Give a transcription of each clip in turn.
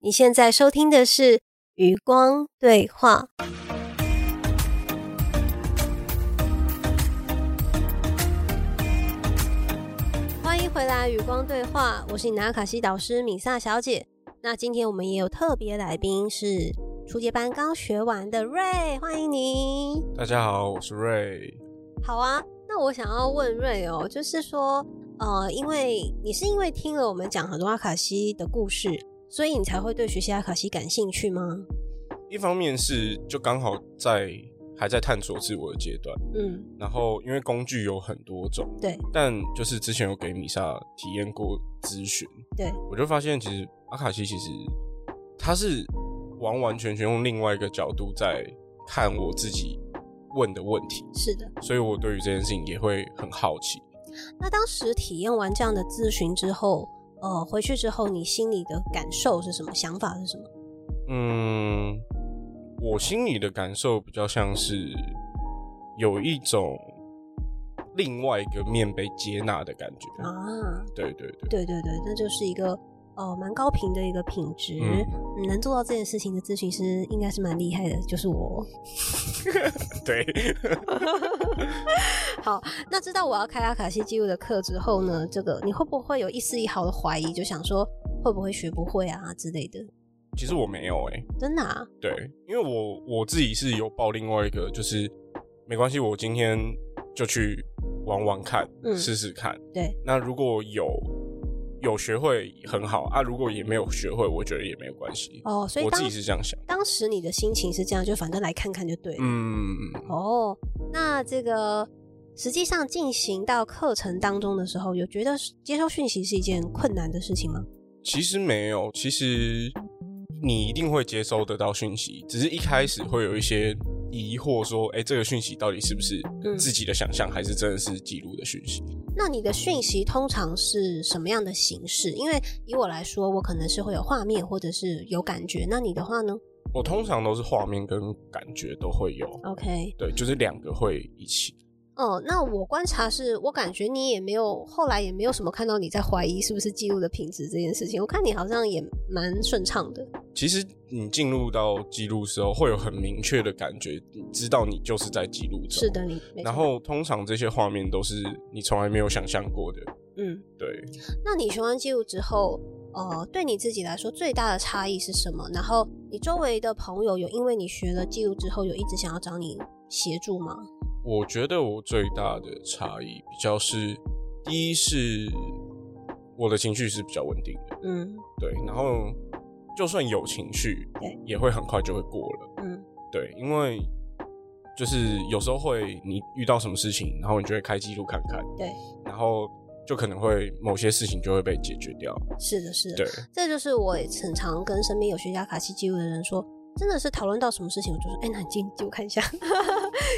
你現在收聽的是《與光對話》，歡迎回來《與光對話》，我是你的阿卡西導師米薩小姐。那今天我們也有特別來賓，是初階班剛學完的 Ray，歡迎你。大家好，我是 Ray。好啊，那我想要問 Ray 哦，就是說，呃，因為你是因為聽了我們講很多阿卡西的故事。所以你才會對學習阿卡西感興趣嗎？一方面是就剛好在還在探索自我的階段，嗯，然後因為工具有很多種，對，但就是之前有給米薩體驗過諮詢，對我就發現其實阿卡西其實它是完完全全用另外一個角度在看我自己問的問題，是的，所以我對於這件事情也會很好奇。那當時體驗完這樣的諮詢之後。哦，回去之後你心裡的感受是什麼？想法是什麼？嗯，我心裡的感受比較像是有一種另外一個面被接納的感覺。啊，對對對對對對，那就是一個。哦，蠻高頻的一個品質，能、嗯、做到這件事情的諮詢師應該是蠻厲害的，就是我。 對。 好，那知道我要開阿卡西記錄的課之後呢，這個你會不會有一絲一毫的懷疑，就想說會不會學不會啊之類的？其實我沒有哎、欸，真的啊。對，因為我我自己是有報另外一個，就是沒關係，我今天就去玩玩看，試、嗯、試看。對。那如果有。有學會很好啊，如果也沒有學會，我覺得也沒有關係哦。所以我自己是這樣想。當時你的心情是這樣，就反正來看看就對了。嗯，哦，那這個實際上進行到課程當中的時候，有覺得接收訊息是一件困難的事情嗎？其實沒有，其實你一定會接收得到訊息，只是一開始會有一些疑惑說，說、欸、哎，這個訊息到底是不是自己的想象，還是真的是記錄的訊息？嗯那你的訊息通常是什麼樣的形式？因為以我來說，我可能是會有畫面或者是有感覺。那你的話呢？我通常都是畫面跟感覺都會有。OK，對，就是兩個會一起。哦，那我觀察是，我感覺你也沒有，後來也沒有什麼看到你在懷疑是不是記錄的品質這件事情。我看你好像也蠻順暢的。其實你進入到記錄時候，會有很明確的感覺，你知道你就是在記錄中是的，你。然後通常這些畫面都是你從來沒有想象過的。嗯，對。那你學完記錄之後，呃，對你自己來說最大的差異是什麼？然後你周圍的朋友有因為你學了記錄之後，有一直想要找你協助嗎？我覺得我最大的差異比較是，第一是我的情緒是比較穩定的。嗯，對。然後。就算有情緒，也會很快就會過了。嗯，對，因為就是有時候會，你遇到什麼事情，然後你就會開記錄看看。對，然後就可能會某些事情就會被解決掉。是的，是的。對，這就是我很常跟身邊有學阿卡西記錄的人說，真的是討論到什麼事情，我就說，哎、欸，那進記錄看一下，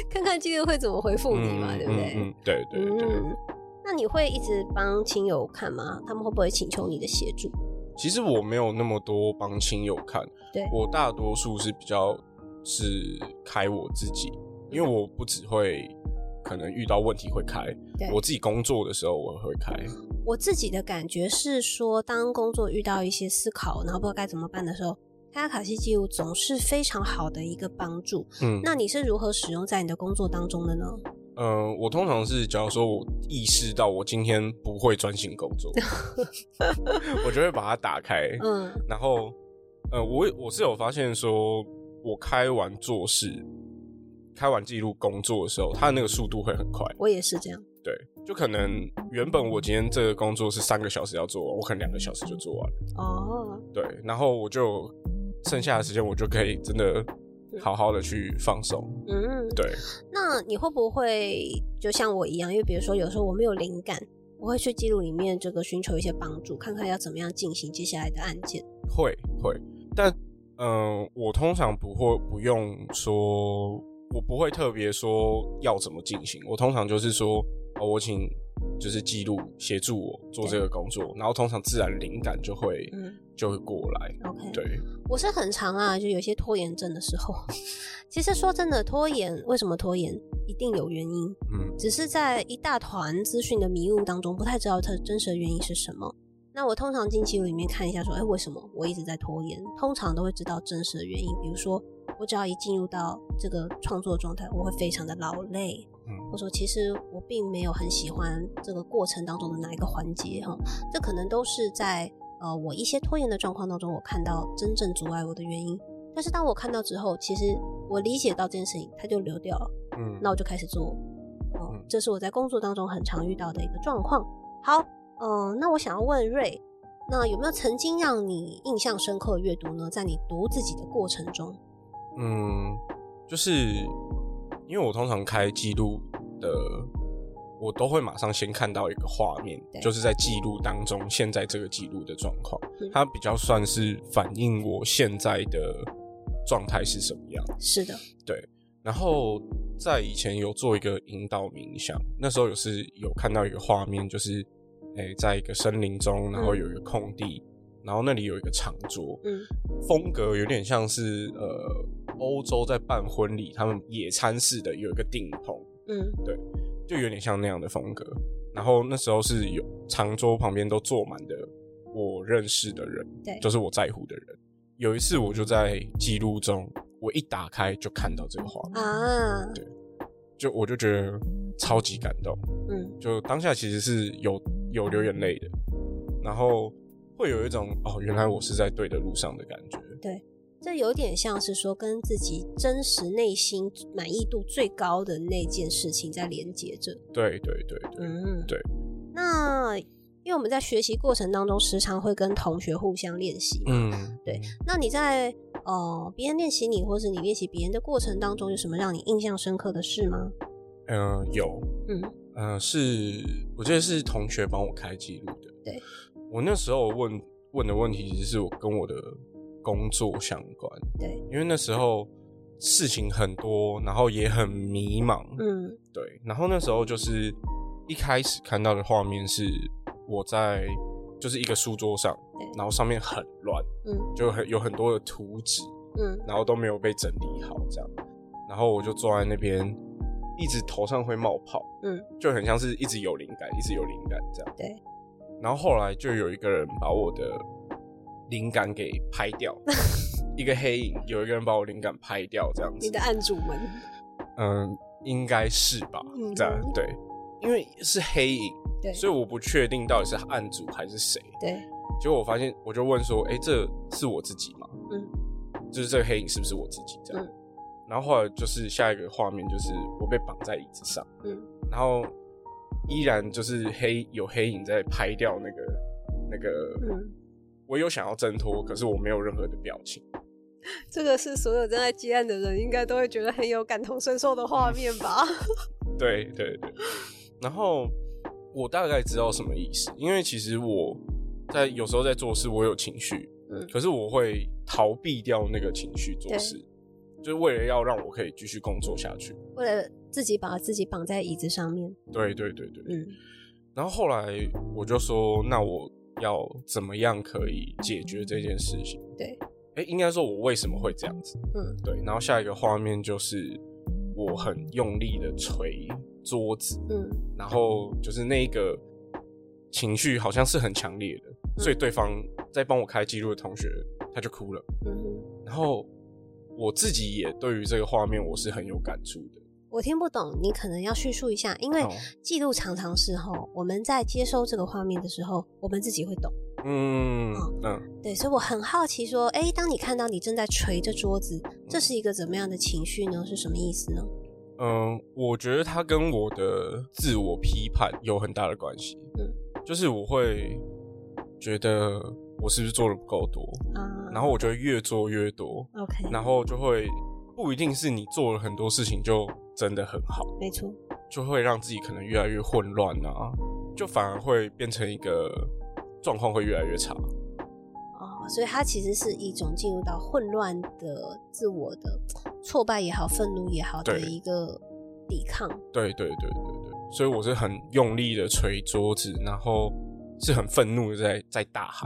看看記錄會怎麼回復你嘛、嗯，對不對？嗯，嗯對對對。嗯，那你會一直幫親友看嗎？他們會不會請求你的協助？其實我沒有那麼多幫親友看，對，我大多數是比較是開我自己，因為我不只會可能遇到問題會開，對，我自己工作的時候我會，會開。我自己的感覺是說，當工作遇到一些思考，然後不知道該怎麼辦的時候，阿卡、卡西紀錄總是非常好的一個幫助。嗯，那你是如何使用在你的工作當中的呢？呃，我通常是，假如說我意識到我今天不會專心工作， 我就會把它打開。嗯，然後，呃，我我是有發現說，我開完做事、開完記錄工作的時候，它的那個速度會很快。我也是這樣。對，就可能原本我今天這個工作是三個小時要做，我可能兩個小時就做完了。哦。對，然後我就剩下的時間，我就可以真的好好的去放鬆。嗯。對。你會不會就像我一樣？因為比如說，有時候我沒有靈感，我會去記錄裡面這個，尋求一些幫助，看看要怎麼樣進行接下來的案件。會會，但嗯、呃，我通常不會不用說，我不會特別說要怎麼進行，我通常就是說，我請。就是記錄協助我做這個工作，然後通常自然靈感就會、嗯、就會過來。OK，對，我是很常啊，就有些拖延症的時候。 其實說真的，拖延為什麼拖延，一定有原因。嗯，只是在一大團資訊的迷霧當中，不太知道它真實的原因是什麼。那我通常進記錄裡面看一下說，說、欸、哎為什麼我一直在拖延，通常都會知道真實的原因。比如說，我只要一進入到這個創作狀態，我會非常的勞累。我說，其實我並沒有很喜歡這個過程當中的哪一個環節哈、哦，這可能都是在呃我一些拖延的狀況當中，我看到真正阻礙我的原因。但是當我看到之後，其實我理解到這件事情，它就流掉了。嗯，那我就開始做。哦、嗯，這是我在工作當中很常遇到的一個狀況。好，嗯、呃，那我想要問 Ray，那有沒有曾經讓你印象深刻的閱讀呢？在你讀自己的過程中，嗯，就是因為我通常開記錄。呃，我都會馬上先看到一個畫面，就是在記錄當中，現在這個記錄的狀況，它比較算是反映我現在的狀態是什麼樣。是的，對。然後在以前有做一個引導冥想，那時候有是有看到一個畫面，就是哎，在一個森林中，然後有一個空地，嗯，然後那裡有一個長桌，嗯，風格有點像是呃歐洲在辦婚禮，他們野餐式的，有一個頂棚。嗯，對，就有點像那樣的風格。然後那時候是有長桌旁邊都坐滿的我認識的人，對，就是我在乎的人。有一次我就在記錄中，我一打開就看到這個畫面。啊，對，就我就覺得超級感動，嗯，就當下其實是有有流眼淚的，然後會有一種哦，原來我是在對的路上的感覺，對。這有點像是說跟自己真實內心滿意度最高的那件事情在連接着。對對對對，嗯，對。那因為我們在學習過程當中，時常會跟同學互相練習嘛。嗯，對。那你在呃別人練習你，或是你練習別人的過程當中，有什麼讓你印象深刻的事嗎？嗯、呃，有。嗯，呃，是我覺得是同學幫我開記錄的。對，我那時候問問的問題，其實是我跟我的。工作相關，對，因為那時候事情很多，然後也很迷茫，嗯，對，然後那時候就是一開始看到的畫面是我在就是一個書桌上，對，然後上面很亂，嗯，就很有很多的圖紙，嗯，然後都沒有被整理好，這樣，然後我就坐在那邊，一直頭上會冒泡，嗯，就很像是一直有靈感，一直有靈感這樣，對，然後後來就有一個人把我的。靈感給拍掉， 一個黑影，有一個人把我靈感拍掉，這樣子。你的暗主們，嗯，應該是吧？嗯，這樣，對，因為是黑影，對，所以我不確定到底是暗主還是誰。對，結果我發現，我就問說，誒、欸，這是我自己嗎？嗯，就是這個黑影是不是我自己這樣？嗯、然後後來就是下一個畫面，就是我被綁在椅子上，嗯，然後依然就是黑，有黑影在拍掉那個那個。嗯我有想要掙脫，可是我沒有任何的表情。這個是所有正在接案的人應該都會覺得很有感同身受的畫面吧？ 對，對對對。 然後我大概知道什麼意思，因為其實我在、嗯、有時候在做事，我有情緒、嗯，可是我會逃避掉那個情緒做事，就是為了要讓我可以繼續工作下去，為了自己把自己綁在椅子上面。對對對對，嗯、然後後來我就說：“那我。”要怎麼樣可以解決這件事情？對，哎、欸，應該說我為什麼會這樣子？嗯，對。然後下一個畫面就是我很用力的捶桌子，嗯，然後就是那個情緒好像是很強烈的、嗯，所以對方在幫我開記錄的同學他就哭了，嗯，然後我自己也對於這個畫面我是很有感觸的。我聽不懂，你可能要敘述一下，因為記錄常常是吼，我們在接收這個畫面的時候，我們自己會懂。嗯啊、哦嗯，對，所以我很好奇，說，哎、欸，當你看到你正在捶着桌子，這是一個怎麼樣的情緒呢？是什麼意思呢？嗯，我覺得它跟我的自我批判有很大的關係、嗯。就是我會覺得我是不是做的不夠多啊、嗯，然後我就越做越多，嗯，然後我就會越做越多 Okay。然後就會不一定是你做了很多事情就。真的很好，沒錯，就會讓自己可能越來越混亂啊，就反而會變成一個狀況會越來越差，哦，所以它其實是一種進入到混亂的自我的挫敗也好，憤怒也好的一個抵抗，對對對對對，所以我是很用力的捶桌子，然後是很憤怒的在在大喊，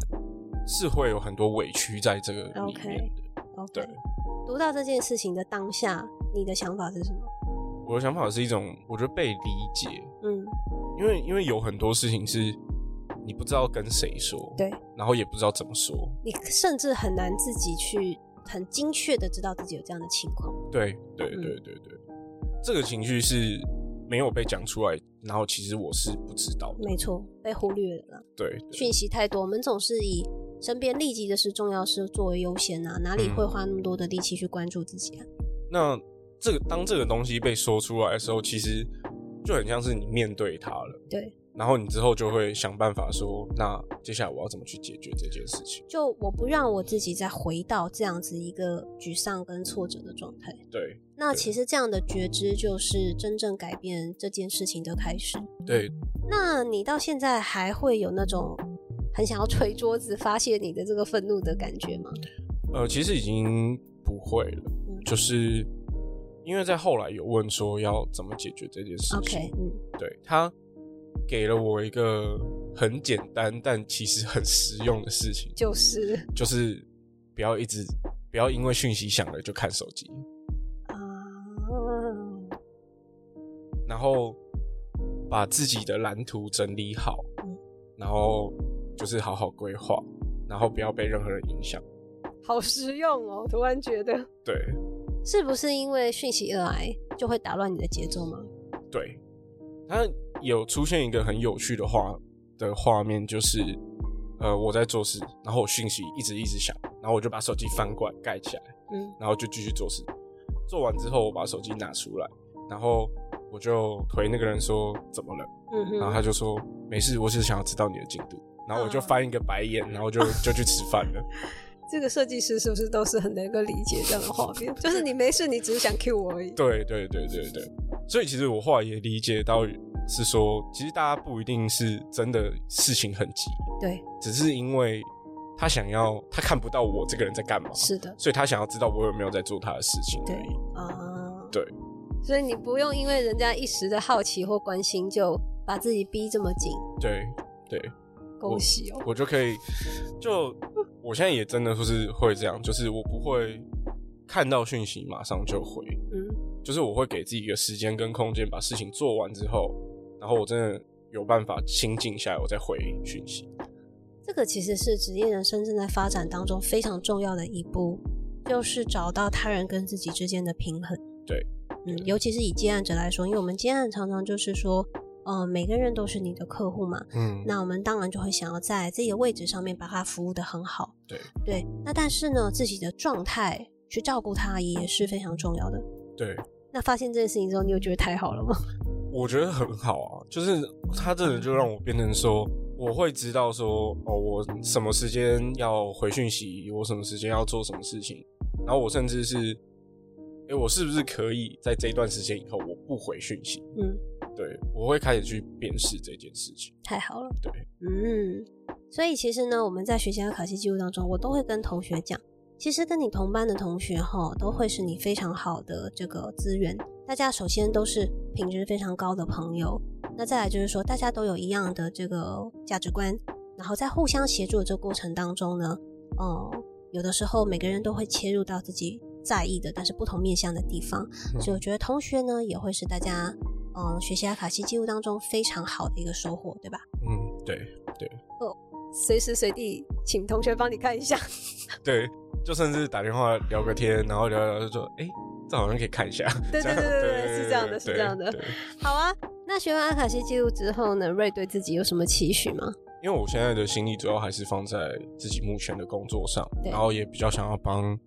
是會有很多委屈在這個裡面的，okay, okay. 對，讀到這件事情的當下，你的想法是什麼？我的想法是一種，我覺得被理解，嗯，因為因為有很多事情是你不知道跟誰說，對，然後也不知道怎麼說，你甚至很難自己去很精確的知道自己有這樣的情況，對對對對對、嗯，這個情緒是沒有被講出來，然後其實我是不知道的，沒錯，被忽略了，對，訊息太多，我們總是以身邊立即的事、重要事作為優先啊，哪裡會花那麼多的力氣去關注自己啊？嗯、那。這個當這個東西被說出來的時候，其實就很像是你面對他了。對，然後你之後就會想辦法說，那接下來我要怎麼去解決這件事情？就我不讓我自己再回到這樣子一個沮喪跟挫折的狀態。對，那其實這樣的覺知就是真正改變這件事情的開始。對，那你到現在還會有那種很想要捶桌子發洩你的這個憤怒的感覺嗎？呃，其實已經不會了，嗯，就是。因為在後來有問說要怎麼解決這件事情，情、okay, 嗯、對，他給了我一個很簡單但其實很實用的事情，就是就是不要一直不要因為訊息響了就看手機、uh, 然後把自己的藍圖整理好，嗯、然後就是好好規劃，然後不要被任何人影響。好實用哦，突然覺得。對。是不是因為訊息而來就會打亂你的節奏嗎？對，他有出現一個很有趣的畫的畫面，就是呃，我在做事，然後我訊息一直一直響，然後我就把手機翻過來蓋起來，嗯，然後就繼續做事。做完之後，我把手機拿出來，然後我就回那個人說怎麼了，嗯、然後他就說沒事，我只是想要知道你的進度。然後我就翻一個白眼，然後就就去吃飯了。嗯 這個設計師是不是都是很能夠理解這樣的畫面？就是你沒事，你只是想 Q 我而已。 對對對對對，對，所以其實我後來也理解到，是說其實大家不一定是真的事情很急，對，只是因為他想要他看不到我這個人在幹嘛，是的，所以他想要知道我有沒有在做他的事情而已。對啊，對，uh, 對，所以你不用因為人家一時的好奇或關心，就把自己逼這麼緊。對對，恭喜哦，我，我就可以就。我現在也真的就是會這樣，就是我不會看到訊息馬上就回。嗯，就是我會給自己一個時間跟空間，把事情做完之後，然後我真的有辦法心靜下來，我再回訊息。這個其實是職業人生正在發展當中非常重要的一步，就是找到他人跟自己之間的平衡。對，對，嗯，尤其是以接案者來說，因為我們接案常常就是說。嗯、呃，每個人都是你的客戶嘛。嗯，那我們當然就會想要在自己的位置上面把他服務得很好。對對，那但是呢，自己的狀態去照顧他也是非常重要的。對。那發現這件事情之後，你又覺得太好了嗎？我覺得很好啊，就是他這人就讓我變成說，我會知道說，哦，我什麼時間要回訊息，我什麼時間要做什麼事情，然後我甚至是，哎、欸，我是不是可以在這一段時間以後我不回訊息？嗯。對，我會開始去辨識這件事情。太好了，對，嗯，所以其實呢，我們在學習阿卡西紀錄當中，我都會跟同學講，其實跟你同班的同學哈，都會是你非常好的這個資源。大家首先都是品質非常高的朋友，那再來就是說，大家都有一樣的這個價值觀，然後在互相協助的這個過程當中呢，哦、嗯，有的時候每個人都會切入到自己在意的，但是不同面向的地方。所以我覺得同學呢，也會是大家。嗯，學習阿卡西記錄當中非常好的一個收穫，對吧？嗯，對對。哦，隨時隨地請同學幫你看一下。 對，就甚至打電話聊個天，然後聊聊就說，哎、欸，這好像可以看一下。對對對對對，這對對對對對，是這樣的，是這樣的。好啊，那學完阿卡西記錄之後呢，Ray 對自己有什麼期許嗎？因為我現在的心力主要還是放在自己目前的工作上，對，然後也比較想要幫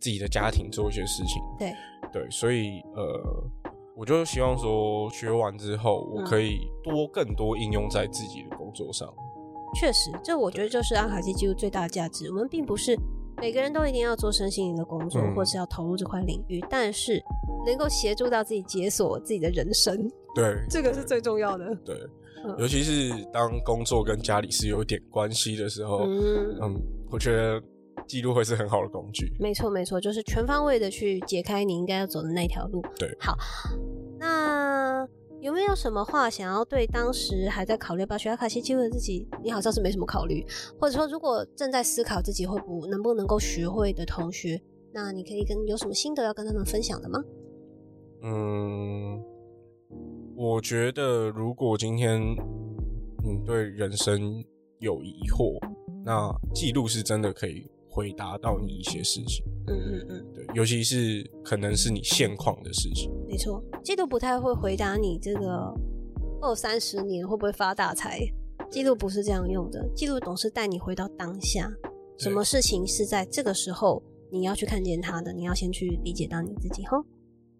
自己的家庭做一些事情。對對，所以呃。我就希望說，學完之後我可以多更多應用在自己的工作上。嗯，確實，這我覺得就是阿卡西記錄最大的價值。我們並不是每個人都一定要做身心靈的工作，嗯、或是要投入這塊領域，但是能夠協助到自己解鎖自己的人生，對，這個是最重要的。對，對。嗯、尤其是當工作跟家裡是有一點關係的時候，嗯、嗯，我覺得記錄會是很好的工具。沒錯，沒錯，就是全方位的去解開你應該要走的那條路。對，好。有沒有什麼話想要對當時還在考慮把學阿卡西紀錄的自己？你好像是沒什麼考慮，或者說如果正在思考自己會不能不能夠學會的同學，那你可以跟有什麼心得要跟他們分享的嗎？嗯，我覺得如果今天你對人生有疑惑，那記錄是真的可以回答到你一些事情。嗯嗯嗯，對，尤其是可能是你現況的事情。沒錯，記錄不太會回答你這個二三十年會不會發大財，記錄不是這樣用的，記錄總是帶你回到當下，什麼事情是在這個時候你要去看見它，的，你要先去理解到你自己。好，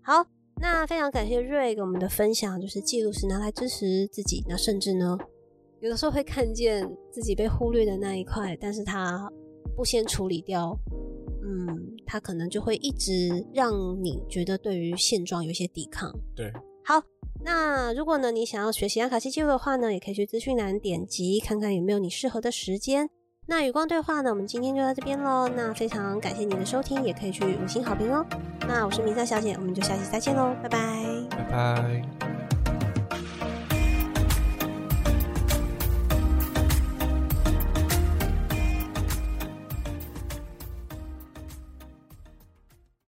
好，那非常感謝 Ray 給我們的分享，就是記錄是拿來支持自己，那甚至呢，有的時候會看見自己被忽略的那一塊，但是他不先處理掉，它可能就會一直讓你覺得對於現狀有些抵抗。對，好，那如果呢，你想要學習阿卡西記錄的話呢，也可以去資訊欄點擊，看看有沒有你適合的時間。那與光對話呢，我們今天就到這邊嘍。那非常感謝你的收聽，也可以去五星好評哦。那我是米薩小姐，我們就下期再見嘍，拜拜，拜拜。